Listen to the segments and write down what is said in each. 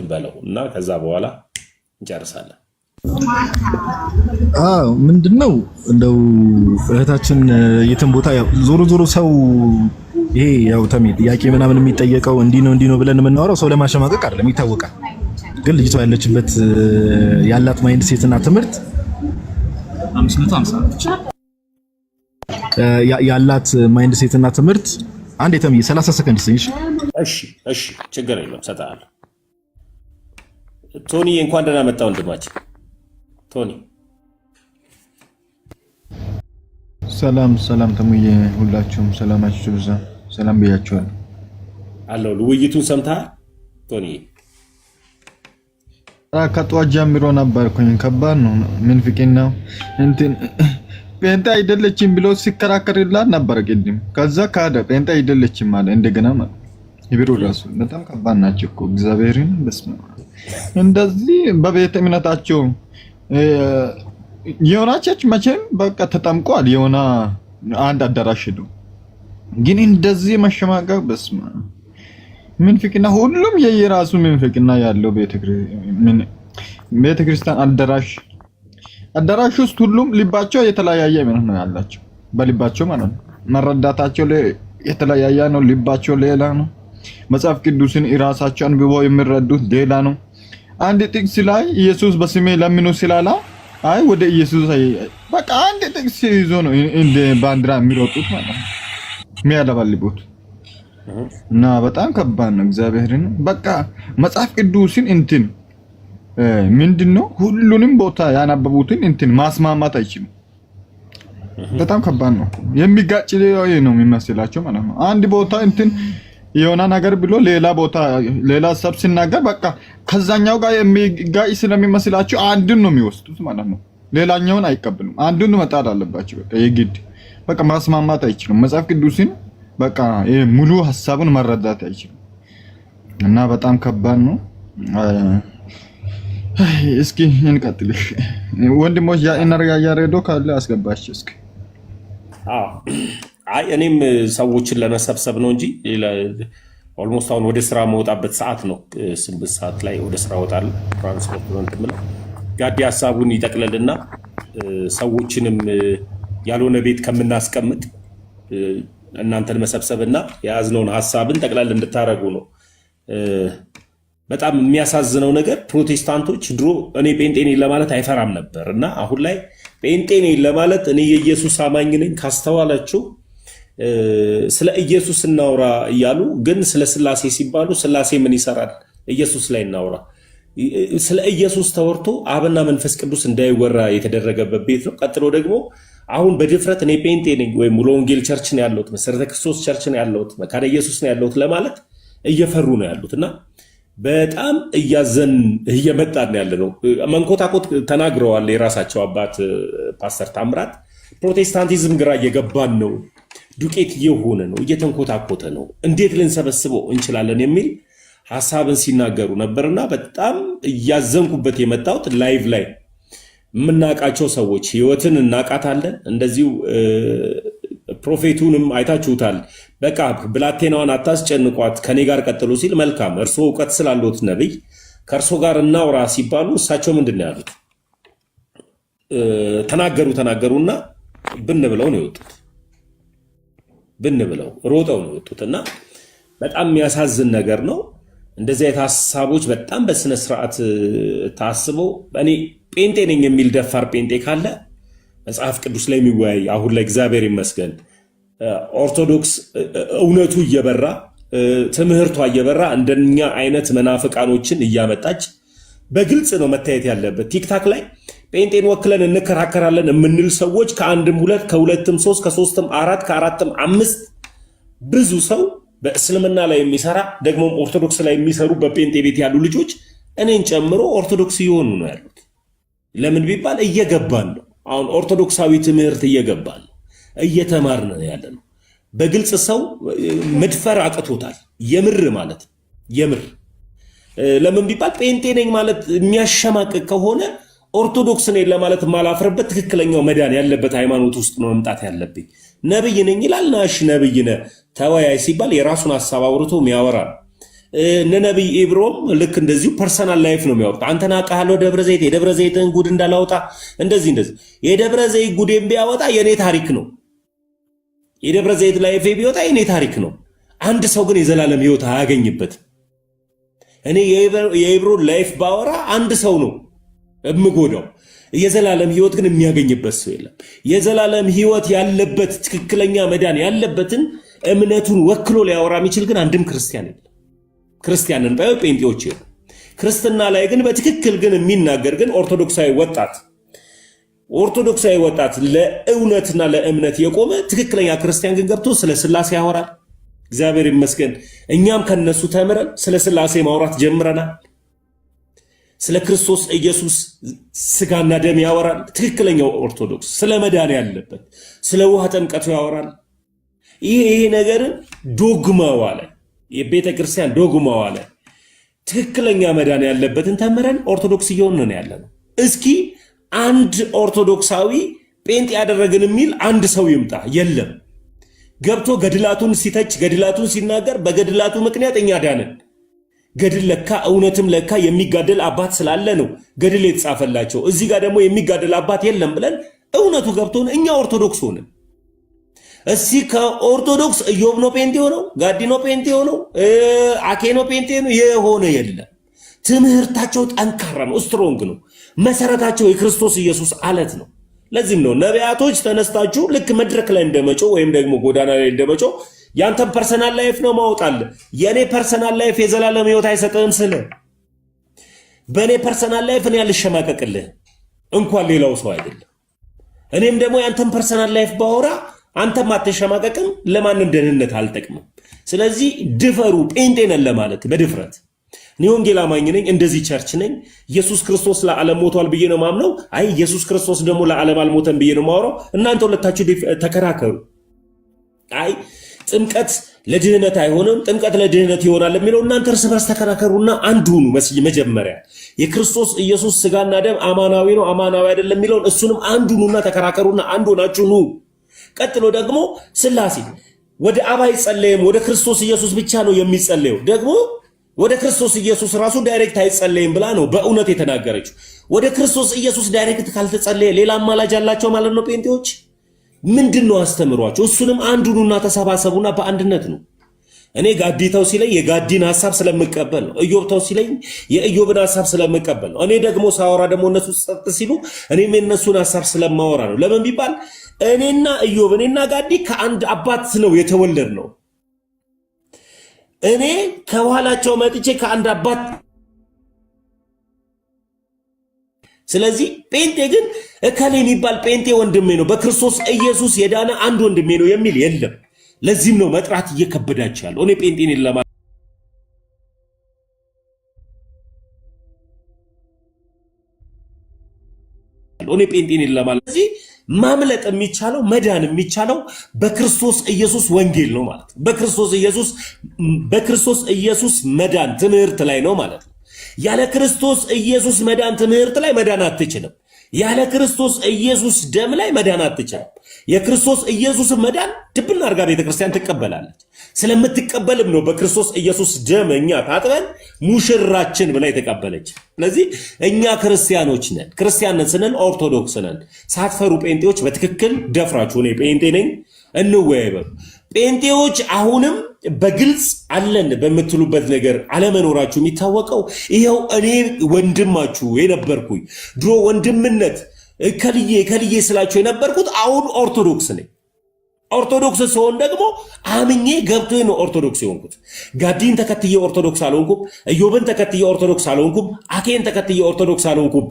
እንትን በለው እና ከዛ በኋላ እንጨርሳለን። ምንድን ነው እንደው እህታችን የትን ቦታ ዞሮ ዞሮ ሰው ይሄ ያው ተሚ ጥያቄ ምናምን የሚጠየቀው እንዲህ ነው እንዲህ ነው ብለን የምናወራው ሰው ለማሸማቀቅ አይደለም፣ ይታወቃል። ግን ልጅቷ ያለችበት ያላት ማይንድ ሴትና ትምህርት ያላት ማይንድ ሴትና ትምህርት አንድ የተሚ 30 ሰከንድ ይሰኝሽ። እሺ፣ እሺ፣ ችግር የለም ሰጣለሁ። ቶኒ እንኳን ደህና መጣ ወንድማችን ቶኒ። ሰላም ሰላም ተሙዬ፣ ሁላችሁም ሰላማችሁ ብዛ። ሰላም ብያችኋል አለው። ውይይቱን ሰምታ ቶኒ? ከጠዋት ጀምሮ ነበርኩኝ። ከባድ ነው። ምን ፍቅን ነው እንትን ጴንጤ አይደለችም ብሎ ሲከራከርላት ነበር ቅድም። ከዛ ካደ ጴንጤ አይደለችም አለ እንደገና ማለት የቢሮ ራሱ በጣም ከባድ ናቸው እኮ እግዚአብሔርን በስመ እንደዚህ በቤተ እምነታቸው የሆናቸች መቼም በቃ ተጠምቋል። የሆነ አንድ አዳራሽ ነው፣ ግን እንደዚህ መሸማቀቅ በስመ ምንፍቅና፣ ሁሉም የየራሱ ምንፍቅና ያለው ቤተ ክርስቲያን አዳራሽ አዳራሽ ውስጥ ሁሉም ልባቸው የተለያየ እምነት ነው ያላቸው፣ በልባቸው ማለት ነው። መረዳታቸው የተለያየ ነው፣ ልባቸው ሌላ ነው። መጽሐፍ ቅዱስን እራሳቸው አንብበው የሚረዱት ሌላ ነው። አንድ ጥቅስ ላይ ኢየሱስ በስሜ ለምኑ ስላላ አይ ወደ ኢየሱስ በቃ አንድ ጥቅስ ይዞ ነው እንደ ባንዲራ የሚሮጡት ማለት ነው የሚያለባልቡት እና በጣም ከባድ ነው። እግዚአብሔርን በቃ መጽሐፍ ቅዱስን እንትን ምንድን ነው ሁሉንም ቦታ ያናበቡትን እንትን ማስማማት አይችሉም። በጣም ከባድ ነው። የሚጋጭ ነው የሚመስላቸው ማለት ነው አንድ ቦታ እንትን የሆነ ነገር ብሎ ሌላ ቦታ ሌላ ሰብ ሲናገር በቃ ከዛኛው ጋር የሚጋይ ስለሚመስላቸው አንድን ነው የሚወስዱት ማለት ነው። ሌላኛውን አይቀብሉም። አንዱን መጣል አለባቸው። በቃ የግድ በቃ ማስማማት አይችሉም። መጽሐፍ ቅዱስን በቃ ሙሉ ሀሳቡን መረዳት አይችሉም እና በጣም ከባድ ነው። እስኪ እንቀጥል ወንድሞች። ያ ኢነርጋ ያሬዶ ካለ አስገባቸው እስኪ አይ እኔም ሰዎችን ለመሰብሰብ ነው እንጂ ኦልሞስት አሁን ወደ ስራ መውጣበት ሰዓት ነው። ስምንት ሰዓት ላይ ወደ ስራ ወጣል። ትራንስፖርት ነው እንትን ጋዲ ሀሳቡን ይጠቅለልና ሰዎችንም ያልሆነ ቤት ከምናስቀምጥ እናንተን መሰብሰብና የያዝነውን ሀሳብን ጠቅላላ እንድታደረጉ ነው። በጣም የሚያሳዝነው ነገር ፕሮቴስታንቶች ድሮ እኔ ጴንጤኔ ለማለት አይፈራም ነበር እና አሁን ላይ ጴንጤኔ ለማለት እኔ የኢየሱስ አማኝ ነኝ ካስተዋላችሁ ስለ ኢየሱስ እናውራ እያሉ ግን ስለ ስላሴ ሲባሉ ስላሴ ምን ይሰራል? ኢየሱስ ላይ እናውራ። ስለ ኢየሱስ ተወርቶ አብና መንፈስ ቅዱስ እንዳይወራ የተደረገበት ቤት ነው። ቀጥሎ ደግሞ አሁን በድፍረት እኔ ጴንጤ ነኝ ወይም ሙሉ ወንጌል ቸርች ነው ያለሁት፣ መሰረተ ክርስቶስ ቸርች ነው ያለሁት፣ መካነ ኢየሱስ ነው ያለሁት ለማለት እየፈሩ ነው ያሉት እና በጣም እያዘን እየመጣን ነው ያለ ነው። መንኮታኮት ተናግረዋል የራሳቸው አባት ፓስተር ታምራት ፕሮቴስታንቲዝም ግራ እየገባን ነው ዱቄት እየሆነ ነው፣ እየተንኮታኮተ ነው፣ እንዴት ልንሰበስበው እንችላለን የሚል ሀሳብን ሲናገሩ ነበርና በጣም እያዘንኩበት የመጣሁት ላይቭ ላይ የምናቃቸው ሰዎች ህይወትን እናቃታለን። እንደዚሁ ፕሮፌቱንም አይታችሁታል። በቃ ብላቴናዋን አታስጨንቋት ከኔ ጋር ቀጥሎ ሲል መልካም እርስዎ እውቀት ስላሉት ነቢይ ከእርሶ ጋር እናውራ ሲባሉ እሳቸው ምንድን ነው ያሉት? ተናገሩ ተናገሩና ብን ብለው ነው የወጡት። ብንብለው ሮጠው ነው የወጡትና በጣም የሚያሳዝን ነገር ነው። እንደዚህ አይነት ሀሳቦች በጣም በስነ ስርዓት ታስበው እኔ ጴንጤ ነኝ የሚል ደፋር ጴንጤ ካለ መጽሐፍ ቅዱስ ላይ የሚወያይ አሁን ላይ እግዚአብሔር ይመስገን ኦርቶዶክስ እውነቱ እየበራ ትምህርቷ እየበራ እንደኛ አይነት መናፍቃኖችን እያመጣች በግልጽ ነው መታየት ያለበት ቲክታክ ላይ ጴንጤን ወክለን እንከራከራለን የምንል ሰዎች ከአንድም ሁለት ከሁለትም ሶስት ከሶስትም አራት ከአራትም አምስት ብዙ ሰው በእስልምና ላይ የሚሰራ ደግሞም ኦርቶዶክስ ላይ የሚሰሩ በጴንጤ ቤት ያሉ ልጆች እኔን ጨምሮ ኦርቶዶክስ እየሆኑ ነው ያሉት። ለምን ቢባል እየገባን ነው። አሁን ኦርቶዶክሳዊ ትምህርት እየገባን ነው፣ እየተማርን ነው ያለ ነው። በግልጽ ሰው መድፈር አቅቶታል። የምር ማለት የምር ለምን ቢባል ጴንጤ ነኝ ማለት የሚያሸማቅቅ ከሆነ ኦርቶዶክስ ነኝ ለማለት ማላፍርበት ትክክለኛው መዳን ያለበት ሃይማኖት ውስጥ ነው መምጣት ያለብኝ። ነብይ ነኝ ይላል ናሽ ነብይ ነ ተወያይ ሲባል የራሱን ሀሳብ አውርቶ የሚያወራ እነ ነቢይ ኢብሮም ልክ እንደዚሁ ፐርሰናል ላይፍ ነው የሚያወሩት። አንተን አውቃለሁ ደብረ ዘይት የደብረ ዘይትን ጉድ እንዳላወጣ እንደዚህ እንደዚህ የደብረ ዘይት ጉዴን ቢያወጣ የኔ ታሪክ ነው። የደብረ ዘይት ላይፍ ቢወጣ የኔ ታሪክ ነው። አንድ ሰው ግን የዘላለም ህይወት አያገኝበት። እኔ የኢብሮን ላይፍ ባወራ አንድ ሰው ነው የምጎዳው የዘላለም ህይወት ግን የሚያገኝበት ሰው የለም። የዘላለም ህይወት ያለበት ትክክለኛ መዳን ያለበትን እምነቱን ወክሎ ሊያወራ የሚችል ግን አንድም ክርስቲያን የለም። ክርስቲያንን ባዩ ጴንጤዎች የሉ። ክርስትና ላይ ግን በትክክል ግን የሚናገር ግን ኦርቶዶክሳዊ ወጣት ኦርቶዶክሳዊ ወጣት ለእውነትና ለእምነት የቆመ ትክክለኛ ክርስቲያን ግን ገብቶ ስለ ስላሴ ያወራል። እግዚአብሔር ይመስገን እኛም ከነሱ ተምረን ስለ ስላሴ ማውራት ጀምረናል። ስለ ክርስቶስ ኢየሱስ ስጋና ደም ያወራል። ትክክለኛው ኦርቶዶክስ ስለ መዳን ያለበት ስለ ውሃ ጥምቀቱ ያወራል። ይህ ይሄ ነገር ዶግማዋ ላይ የቤተ ክርስቲያን ዶግማዋ ላይ ትክክለኛ መዳን ያለበትን ተምረን ኦርቶዶክስ እየሆንን ነው ያለ ነው። እስኪ አንድ ኦርቶዶክሳዊ ጴንጤ ያደረግን የሚል አንድ ሰው ይምጣ። የለም ገብቶ ገድላቱን ሲተች ገድላቱን ሲናገር በገድላቱ ምክንያት እኛ ዳንን ገድል ለካ እውነትም ለካ የሚጋደል አባት ስላለ ነው ገድል የተጻፈላቸው። እዚህ ጋር ደግሞ የሚጋደል አባት የለም ብለን እውነቱ ገብቶን እኛ ኦርቶዶክስ ሆንን። እስቲ ከኦርቶዶክስ ኢዮብ ነው ጴንጤ ሆነው፣ ነው ጴንጤ ሆነው፣ ነው ጴንጤ ነው የሆነ የለም። ትምህርታቸው ጠንካራ ነው፣ ስትሮንግ ነው። መሰረታቸው የክርስቶስ ኢየሱስ አለት ነው። ለዚህም ነው ነቢያቶች ተነስታችሁ ልክ መድረክ ላይ እንደመጮ ወይም ደግሞ ጎዳና ላይ እንደመጮ ያንተ ፐርሰናል ላይፍ ነው ማውጣል። የእኔ ፐርሰናል ላይፍ የዘላለም ህይወት አይሰጥህም። ስለ በእኔ ፐርሰናል ላይፍ እኔ ያልሸማቀቅልህ እንኳን ሌላው ሰው አይደለም። እኔም ደግሞ ያንተን ፐርሰናል ላይፍ ባወራ አንተም አትሸማቀቅም፣ ለማንም ደህንነት አልጠቅምም። ስለዚህ ድፈሩ፣ ጴንጤ ነን ለማለት በድፍረት እኔ ወንጌል አማኝ ነኝ፣ እንደዚህ ቸርች ነኝ፣ ኢየሱስ ክርስቶስ ለዓለም ሞቷል ብዬ ነው ማምነው። አይ ኢየሱስ ክርስቶስ ደግሞ ለዓለም አልሞተም ብዬ ነው ማውራው። እናንተ ሁለታችሁ ተከራከሩ። አይ ጥምቀት ለድህነት አይሆንም፣ ጥምቀት ለድህነት ይሆናል የሚለው እናንተ እርስ በርስ ተከራከሩና አንድ ሁኑ። መጀመሪያ የክርስቶስ ኢየሱስ ስጋና ደም አማናዊ ነው አማናዊ አይደለም የሚለውን እሱንም አንድ ሁኑና ተከራከሩና አንድ ሆናችሁ ኑ። ቀጥሎ ደግሞ ስላሴ ወደ አብ አይጸለይም፣ ወደ ክርስቶስ ኢየሱስ ብቻ ነው የሚጸለየው። ደግሞ ወደ ክርስቶስ ኢየሱስ ራሱ ዳይሬክት አይጸለይም ብላ ነው በእውነት የተናገረችው። ወደ ክርስቶስ ኢየሱስ ዳይሬክት ካልተጸለየ ሌላ አማላጅ አላቸው ማለት ነው ጴንጤዎች። ምንድን ነው አስተምሯቸው። እሱንም አንዱኑና ተሰባሰቡና በአንድነት ነው። እኔ ጋዲ ተው ሲለኝ የጋዲን ሀሳብ ስለምቀበል ነው። እዮብ ሲለኝ የእዮብን ሀሳብ ስለምቀበል ነው። እኔ ደግሞ ሳወራ ደግሞ እነሱ ጸጥ ሲሉ እኔም የእነሱን ሀሳብ ስለማወራ ነው። ለምን ቢባል እኔና እዮብ እኔና ጋዲ ከአንድ አባት ነው የተወለድ ነው። እኔ ከኋላቸው መጥቼ ከአንድ አባት ስለዚህ ጴንጤ ግን እከሌ የሚባል ጴንጤ ወንድሜ ነው፣ በክርስቶስ ኢየሱስ የዳነ አንድ ወንድሜ ነው የሚል የለም። ለዚህም ነው መጥራት እየከበዳቸው ያለው። እኔ ጴንጤን ለማ እኔ ጴንጤን ለማለት ስለዚህ ማምለጥ የሚቻለው መዳን የሚቻለው በክርስቶስ ኢየሱስ ወንጌል ነው ማለት በክርስቶስ ኢየሱስ በክርስቶስ ኢየሱስ መዳን ትምህርት ላይ ነው ማለት ነው። ያለ ክርስቶስ ኢየሱስ መዳን ትምህርት ላይ መዳን አትችልም። ያለ ክርስቶስ ኢየሱስ ደም ላይ መዳን አትችልም። የክርስቶስ ኢየሱስ መዳን ድብና አድርጋ ቤተክርስቲያን ትቀበላለች። ስለምትቀበልም ነው በክርስቶስ ኢየሱስ ደም እኛ ታጥበን ሙሽራችን ብላ የተቀበለች። ስለዚህ እኛ ክርስቲያኖች ነን። ክርስቲያን ነን ስንል ኦርቶዶክስ ነን። ሳትፈሩ ጴንጤዎች በትክክል ደፍራችሁ እኔ ጴንጤ ነኝ እንወያይበም ጴንጤዎች አሁንም በግልጽ አለን በምትሉበት ነገር አለመኖራችሁ የሚታወቀው ይኸው። እኔ ወንድማችሁ የነበርኩኝ ድሮ ወንድምነት ከልዬ ከልዬ ስላችሁ የነበርኩት አሁን ኦርቶዶክስ ነኝ። ኦርቶዶክስ ሲሆን ደግሞ አምኜ ገብቶ ነው ኦርቶዶክስ የሆንኩት። ጋዲን ተከትዬ ኦርቶዶክስ አልሆንኩም። እዮብን ተከትዬ ኦርቶዶክስ አልሆንኩም። አኬን ተከትዬ ኦርቶዶክስ አልሆንኩም።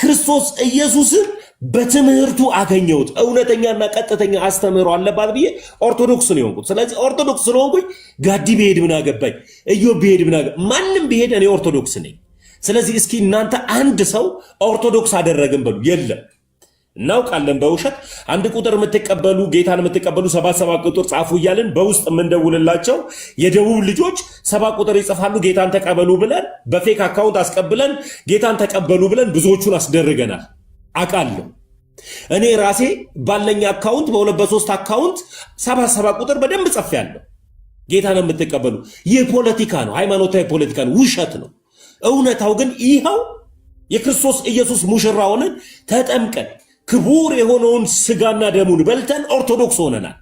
ክርስቶስ ኢየሱስን በትምህርቱ አገኘሁት። እውነተኛና ቀጥተኛ አስተምህሮ አለባት ብዬ ኦርቶዶክስ ነው የሆንኩት። ስለዚህ ኦርቶዶክስ ስለሆንኩኝ ጋዲ ብሄድ ምን አገባኝ፣ እዮብ ብሄድ ምን አገባኝ፣ ማንም ብሄድ እኔ ኦርቶዶክስ ነኝ። ስለዚህ እስኪ እናንተ አንድ ሰው ኦርቶዶክስ አደረግን በሉ። የለም እናውቃለን። በውሸት አንድ ቁጥር የምትቀበሉ ጌታን የምትቀበሉ ሰባት ሰባት ቁጥር ጻፉ እያልን በውስጥ የምንደውልላቸው የደቡብ ልጆች ሰባት ቁጥር ይጽፋሉ። ጌታን ተቀበሉ ብለን በፌክ አካውንት አስቀብለን ጌታን ተቀበሉ ብለን ብዙዎቹን አስደርገናል። አውቃለሁ። እኔ ራሴ ባለኝ አካውንት በሁለት በሶስት አካውንት ሰባ ሰባ ቁጥር በደንብ ጽፌያለሁ። ነው የምትቀበሉ ይህ ፖለቲካ ነው፣ ሃይማኖታዊ ፖለቲካ ነው፣ ውሸት ነው። እውነታው ግን ይኸው የክርስቶስ ኢየሱስ ሙሽራ ሆነን ተጠምቀን ክቡር የሆነውን ስጋና ደሙን በልተን ኦርቶዶክስ ሆነናል።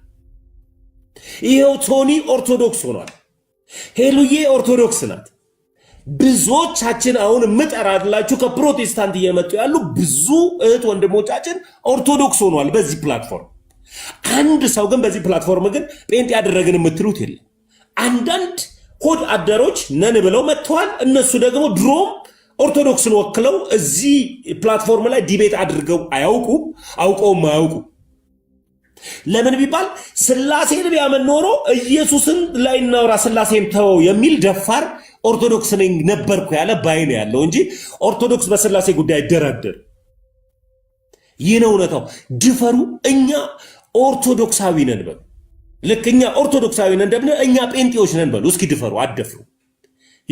ይኸው ቶኒ ኦርቶዶክስ ሆኗል። ሄሉዬ ኦርቶዶክስ ናት። ብዙዎቻችን አሁን የምጠራላችሁ ከፕሮቴስታንት እየመጡ ያሉ ብዙ እህት ወንድሞቻችን ኦርቶዶክስ ሆኗል በዚህ ፕላትፎርም። አንድ ሰው ግን በዚህ ፕላትፎርም ግን ጴንጤ ያደረግን የምትሉት የለም። አንዳንድ ሆድ አደሮች ነን ብለው መጥተዋል። እነሱ ደግሞ ድሮም ኦርቶዶክስን ወክለው እዚህ ፕላትፎርም ላይ ዲቤት አድርገው አያውቁም፣ አውቀውም አያውቁ። ለምን ቢባል ስላሴን ቢያምን ኖሮ ኢየሱስን ላይ እናውራ ስላሴን ተወው የሚል ደፋር ኦርቶዶክስ ነኝ ነበርኩ ያለ ባይ ነው ያለው እንጂ ኦርቶዶክስ በስላሴ ጉዳይ አይደራደርም። ይህ ነው እውነታው። ድፈሩ። እኛ ኦርቶዶክሳዊ ነን በሉ። ልክ እኛ ኦርቶዶክሳዊ ነን እንደምን እኛ ጴንጤዎች ነን በሉ። እስኪ ድፈሩ፣ አደፍሩ።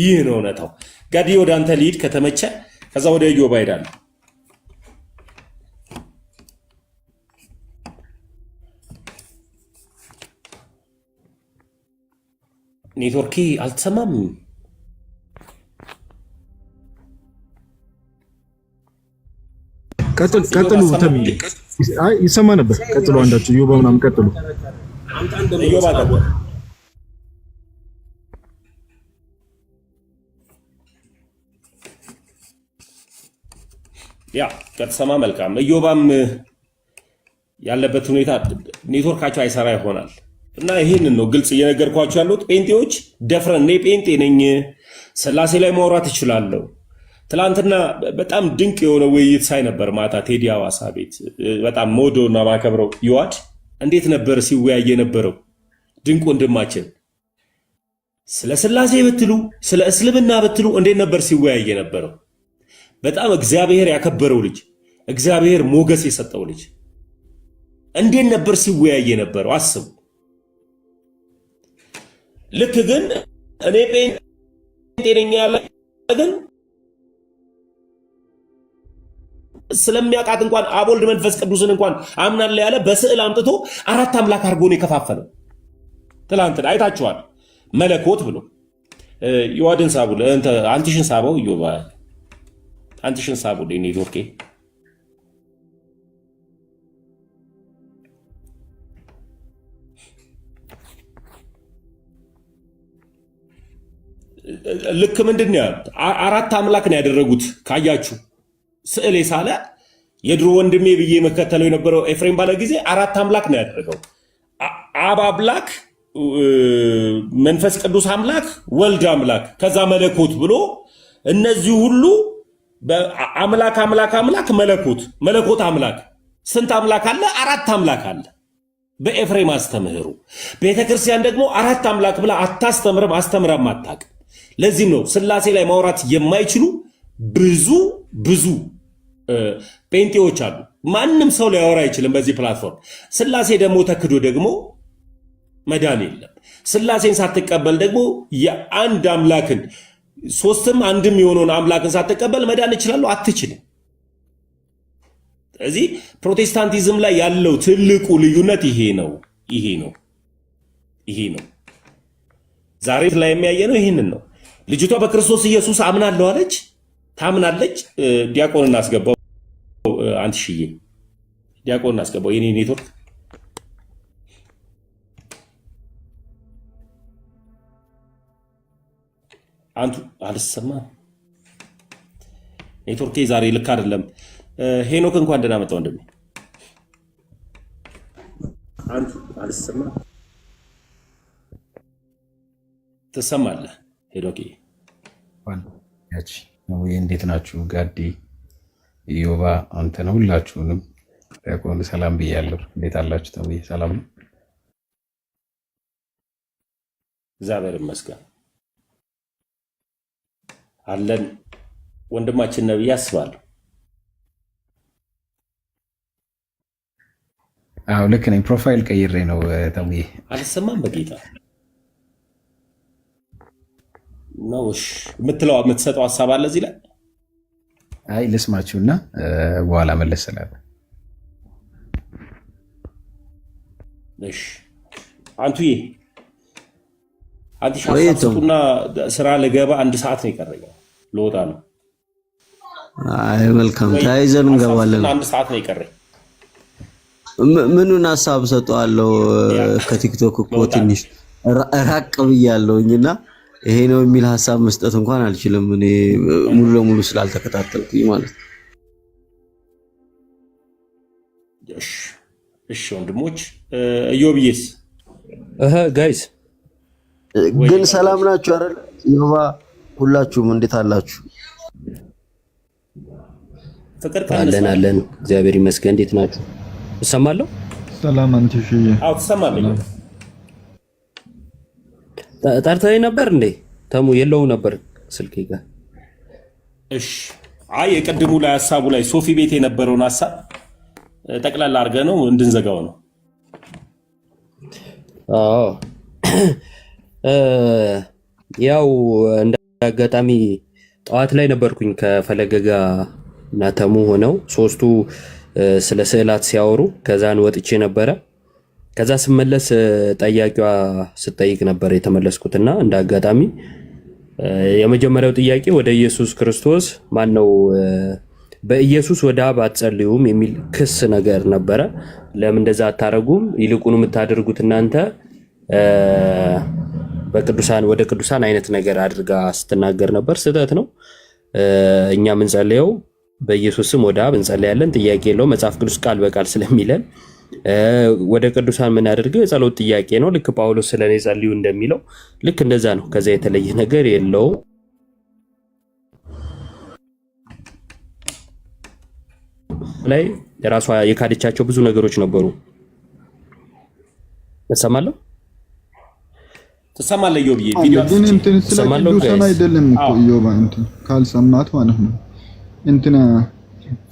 ይህ ነው እውነታው። ጋዲ ወደ አንተ ልሂድ ከተመቸ፣ ከዛ ወደ ዮባ እሄዳለሁ። ኔትወርኬ አልተሰማም። ቀጥሉ ቀጥሉ። አይ ይሰማ ነበር። ቀጥሉ አንዳችሁ ኢዮብ ምናምን ቀጥሉ። ያ ከተሰማ መልካም። እዮባም ያለበት ሁኔታ ኔትወርካቸው አይሰራ ይሆናል እና ይህንን ነው ግልጽ እየነገርኳቸው ያሉት። ጴንጤዎች ደፍረን እኔ ጴንጤ ነኝ ስላሴ ላይ ማውራት እችላለሁ ትላንትና በጣም ድንቅ የሆነ ውይይት ሳይ ነበር ማታ ቴዲ አዋሳ ቤት። በጣም ሞዶ እና ማከብረው ይዋድ እንዴት ነበር ሲወያየ የነበረው ድንቅ ወንድማችን። ስለ ስላሴ ብትሉ ስለ እስልምና ብትሉ እንዴት ነበር ሲወያየ የነበረው። በጣም እግዚአብሔር ያከበረው ልጅ፣ እግዚአብሔር ሞገስ የሰጠው ልጅ እንዴት ነበር ሲወያየ የነበረው አስቡ። ልክ ግን እኔ ጤነኛ ያለ ግን ስለሚያውቃት እንኳን አብ ወልድ መንፈስ ቅዱስን እንኳን አምናለ ያለ በስዕል አምጥቶ አራት አምላክ አድርጎ ነው የከፋፈለው። ትላንትን አይታችኋል። መለኮት ብሎ የዋድን ሳቡ አንቲሽን ሳበው እዩ አንቲሽን ሳቡ ኔትወርኬ ልክ ምንድን ነው አራት አምላክ ነው ያደረጉት ካያችሁ ስዕል የሳለ የድሮ ወንድሜ ብዬ መከተለው የነበረው ኤፍሬም ባለ ጊዜ አራት አምላክ ነው ያደረገው። አብ አምላክ፣ መንፈስ ቅዱስ አምላክ፣ ወልድ አምላክ፣ ከዛ መለኮት ብሎ እነዚህ ሁሉ አምላክ አምላክ አምላክ መለኮት መለኮት አምላክ ስንት አምላክ አለ? አራት አምላክ አለ በኤፍሬም አስተምህሩ። ቤተ ክርስቲያን ደግሞ አራት አምላክ ብላ አታስተምርም፣ አስተምራም አታውቅም። ለዚህም ነው ስላሴ ላይ ማውራት የማይችሉ ብዙ ብዙ ጴንጤዎች አሉ። ማንም ሰው ሊያወራ አይችልም በዚህ ፕላትፎርም። ስላሴ ደግሞ ተክዶ ደግሞ መዳን የለም። ስላሴን ሳትቀበል ደግሞ የአንድ አምላክን ሶስትም አንድም የሆነውን አምላክን ሳትቀበል መዳን እችላለሁ አትችልም። ስለዚህ ፕሮቴስታንቲዝም ላይ ያለው ትልቁ ልዩነት ይሄ ነው። ይሄ ነው። ይሄ ነው። ዛሬ ላይ የሚያየ ነው። ይህንን ነው። ልጅቷ በክርስቶስ ኢየሱስ አምናለሁ አለች። ታምናለች። ዲያቆን እናስገባው፣ አንት ሽዬ ዲያቆን እናስገባው። የኔ ኔትወርክ አንቱ አልሰማ፣ ኔትወርኬ ዛሬ ልክ አይደለም። ሄኖክ እንኳን ደህና መጣው ወንድሜ። አንቱ አልሰማ፣ ትሰማለህ ሄኖኬ እንዴት ናችሁ? ጋዲ ዮባ፣ ነው ሁላችሁንም ዲያቆን ሰላም ብያለሁ። እንዴት አላችሁ? ተሙዬ ሰላም ነው? እግዚአብሔር ይመስገን አለን። ወንድማችን ነብዬ አስባለሁ። አዎ ልክ ነኝ። ፕሮፋይል ቀይሬ ነው ተሙዬ። አልሰማም በጌታ ነው የምትለው የምትሰጠው ሀሳብ አለ እዚህ ላይ አይ ልስማችሁና በኋላ መለስ ስላለ አንቱዬ አንቺ ስራ ልገባ አንድ ሰዓት ነው የቀረኝ፣ ልወጣ ነው። አይ መልካም ተያይዘን እንገባለን። አንድ ሰዓት ነው የቀረኝ። ምኑን ሀሳብ ሰጠዋለው? ከቲክቶክ እኮ ትንሽ ራቅ ብያለሁኝ ይሄ ነው የሚል ሀሳብ መስጠት እንኳን አልችልም፣ እኔ ሙሉ ለሙሉ ስላልተከታተልኩኝ ማለት ነው። እሺ ወንድሞች፣ እዮብዬስ ጋይስ ግን ሰላም ናችሁ አይደል? ዮባ ሁላችሁም እንዴት አላችሁ? አለን አለን፣ እግዚአብሔር ይመስገን። እንዴት ናችሁ? እሰማለሁ። ሰላም አንቺ። ሽዬ። አዎ ትሰማለህ ጠርተኸኝ ነበር እንዴ? ተሙ የለው ነበር ስልኬ ጋር። እሺ፣ አይ የቅድሙ ላይ ሀሳቡ ላይ ሶፊ ቤት የነበረውን ሀሳብ ጠቅላላ አድርገ ነው እንድንዘጋው ነው። አዎ ያው እንደ አጋጣሚ ጠዋት ላይ ነበርኩኝ ከፈለገ ጋር እና ተሙ ሆነው ሶስቱ ስለ ስዕላት ሲያወሩ ከዛን ወጥቼ ነበረ ከዛ ስመለስ ጠያቂዋ ስጠይቅ ነበር የተመለስኩትና እንደ አጋጣሚ የመጀመሪያው ጥያቄ ወደ ኢየሱስ ክርስቶስ ማን ነው በኢየሱስ ወደ አብ አትጸልዩም የሚል ክስ ነገር ነበረ። ለምን እንደዛ አታረጉም? ይልቁኑ የምታደርጉት እናንተ በቅዱሳን ወደ ቅዱሳን አይነት ነገር አድርጋ ስትናገር ነበር። ስህተት ነው። እኛ የምንጸልየው በኢየሱስም ስም ወደ አብ እንጸልያለን። ጥያቄ የለው። መጽሐፍ ቅዱስ ቃል በቃል ስለሚለን ወደ ቅዱሳን ምን የምናደርገው የጸሎት ጥያቄ ነው። ልክ ጳውሎስ ስለ እኔ ጸልዩ እንደሚለው ልክ እንደዛ ነው። ከዚያ የተለየ ነገር የለውም። ላይ ራሷ የካደቻቸው ብዙ ነገሮች ነበሩ። እሰማለሁ ትሰማለህ ዮብ ግን እንትን ስለ ቅዱሳን አይደለም እኮ ዮብ እንትን ካልሰማት ማለት ነው እንትና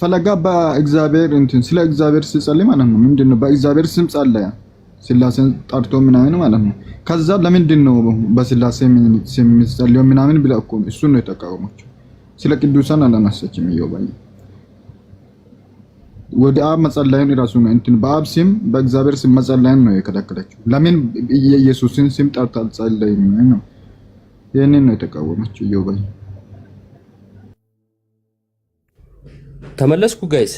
ፈለጋ በእግዚአብሔር እንትን ስለ እግዚአብሔር ሲጸልይ ማለት ነው። ምንድን ነው በእግዚአብሔር ስም ጸለየ፣ ስላሴን ጠርቶ ምናምን ማለት ነው። ከዛ ለምንድን ነው በስላሴ የሚጸልየው ምናምን ብላ እኮ እሱ ነው የተቃወመችው። ስለ ቅዱሳን አላነሳችም። ይወባኝ ወደ አብ መጸለይን ራሱ ነው እንትን በአብ ስም በእግዚአብሔር ስም መጸለይን ነው የከለከለችው። ለምን የኢየሱስን ስም ጠርታ ጸለይ ነው? ይህንን ነው የተቃወመችው። ይወባኝ ተመለስኩ ጋይስ?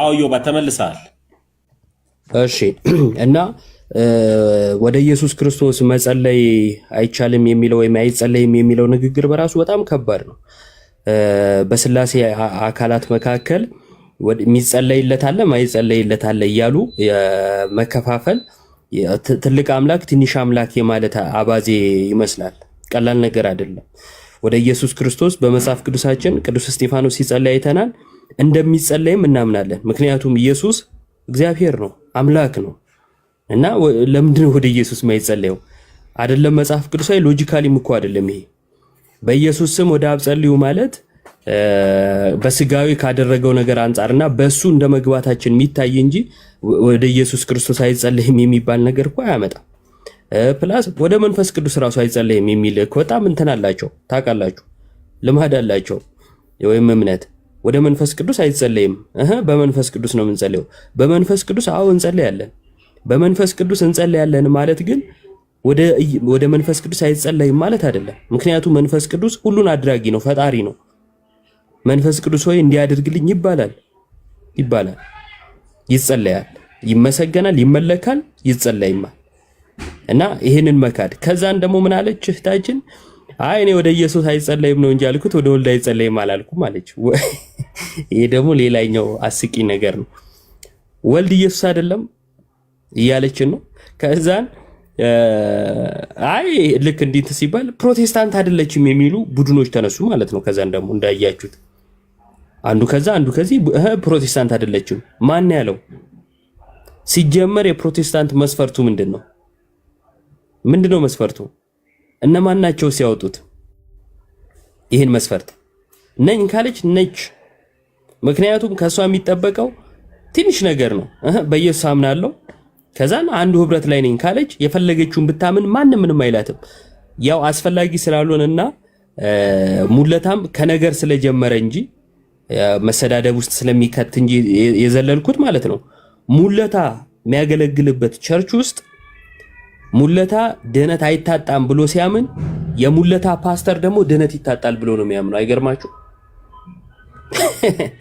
አዎ ዮባ ተመልሰሃል። እሺ እና ወደ ኢየሱስ ክርስቶስ መጸለይ አይቻልም የሚለው ወይም አይጸለይም የሚለው ንግግር በራሱ በጣም ከባድ ነው። በስላሴ አካላት መካከል የሚጸለይለት አለ ማይጸለይለት አለ እያሉ መከፋፈል ትልቅ አምላክ ትንሽ አምላክ የማለት አባዜ ይመስላል። ቀላል ነገር አይደለም። ወደ ኢየሱስ ክርስቶስ በመጽሐፍ ቅዱሳችን ቅዱስ እስጢፋኖስ ሲጸለይ አይተናል። እንደሚጸለይም እናምናለን። ምክንያቱም ኢየሱስ እግዚአብሔር ነው፣ አምላክ ነው እና ለምንድን ወደ ኢየሱስ የማይጸለየው? አይደለም መጽሐፍ ቅዱሳዊ ሎጂካሊም እኮ አይደለም ይሄ። በኢየሱስ ስም ወደ አብ ጸልዩ ማለት በስጋዊ ካደረገው ነገር አንጻርና በእሱ እንደ መግባታችን የሚታይ እንጂ ወደ ኢየሱስ ክርስቶስ አይጸልይም የሚባል ነገር እኮ አያመጣም። ፕላስ ወደ መንፈስ ቅዱስ ራሱ አይጸለይም የሚል በጣም እንትን አላቸው ታውቃላችሁ፣ ልማድ አላቸው ወይም እምነት ወደ መንፈስ ቅዱስ አይጸለይም። በመንፈስ ቅዱስ ነው የምንጸለየው። በመንፈስ ቅዱስ አዎ እንጸለያለን። በመንፈስ ቅዱስ እንጸለያለን ማለት ግን ወደ መንፈስ ቅዱስ አይጸለይም ማለት አይደለም። ምክንያቱም መንፈስ ቅዱስ ሁሉን አድራጊ ነው፣ ፈጣሪ ነው። መንፈስ ቅዱስ ሆይ እንዲያደርግልኝ ይባላል ይባላል፣ ይጸለያል፣ ይመሰገናል፣ ይመለካል፣ ይጸለይማል። እና ይህንን መካድ ከዛን ደግሞ ምን አለች እህታችን? አይ እኔ ወደ ኢየሱስ አይጸለይም ነው እንጂ አልኩት ወደ ወልድ አይጸለይም አላልኩም አለች። ይሄ ደግሞ ሌላኛው አስቂ ነገር ነው። ወልድ ኢየሱስ አይደለም እያለችን ነው። ከዛን አይ ልክ እንዲት ሲባል ፕሮቴስታንት አይደለችም የሚሉ ቡድኖች ተነሱ ማለት ነው። ከዛን ደግሞ እንዳያችሁት አንዱ ከዛ አንዱ ከዚህ ፕሮቴስታንት አይደለችም ማን ያለው ሲጀመር የፕሮቴስታንት መስፈርቱ ምንድን ነው? ምንድነው መስፈርቱ? እነማን ናቸው ሲያወጡት? ይህን መስፈርት ነኝ ካለች ነች። ምክንያቱም ከእሷ የሚጠበቀው ትንሽ ነገር ነው። በኢየሱስ አምናለሁ ከዛን አንዱ ህብረት ላይ ነኝ ካለች የፈለገችውን ብታምን ማንም ምንም አይላትም። ያው አስፈላጊ ስላልሆነና ሙለታም ከነገር ስለጀመረ እንጂ መሰዳደብ ውስጥ ስለሚከት እንጂ የዘለልኩት ማለት ነው። ሙለታ የሚያገለግልበት ቸርች ውስጥ ሙለታ ድህነት አይታጣም ብሎ ሲያምን የሙለታ ፓስተር ደግሞ ድህነት ይታጣል ብሎ ነው የሚያምነው። አይገርማችሁ?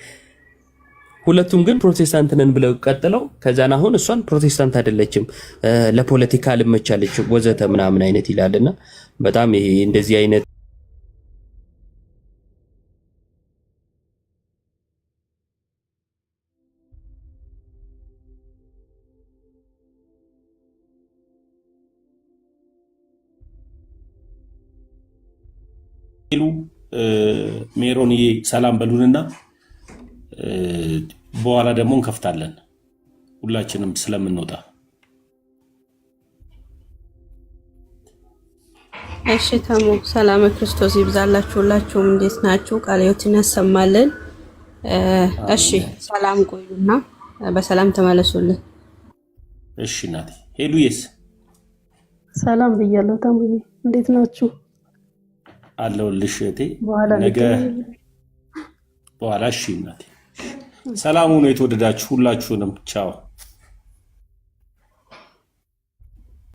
ሁለቱም ግን ፕሮቴስታንት ነን ብለው ቀጥለው ከዛን አሁን እሷን ፕሮቴስታንት አይደለችም ለፖለቲካ ልመቻለች ወዘተ ምናምን አይነት ይላልና በጣም ይሄ እንደዚህ አይነት ሉ ሜሮንዬ ሰላም በሉንና በኋላ ደግሞ እንከፍታለን ሁላችንም ስለምንወጣ። እሺ ተሙ ሰላም ክርስቶስ ይብዛላችሁ። ሁላችሁም እንዴት ናችሁ? ቃልዮትን ያሰማልን። እሺ ሰላም ቆዩና በሰላም ተመለሱልን። እሺ ናት የስ ሰላም ብያለሁ። ተሙ እንዴት ናችሁ? አለሁልሽ እህቴ። ነገ በኋላ እሺ እናቴ። ሰላሙ ነው የተወደዳችሁ ሁላችሁንም ቻው።